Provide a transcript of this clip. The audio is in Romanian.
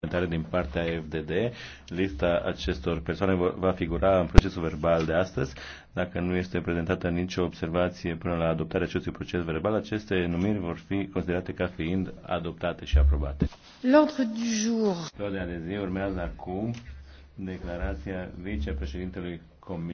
suplimentare din partea FDD. Lista acestor persoane va figura în procesul verbal de astăzi. Dacă nu este prezentată nicio observație până la adoptarea acestui proces verbal, aceste numiri vor fi considerate ca fiind adoptate și aprobate. L'ordre du jour. Ordinea de zi urmează acum declarația vicepreședintelui Comisiei.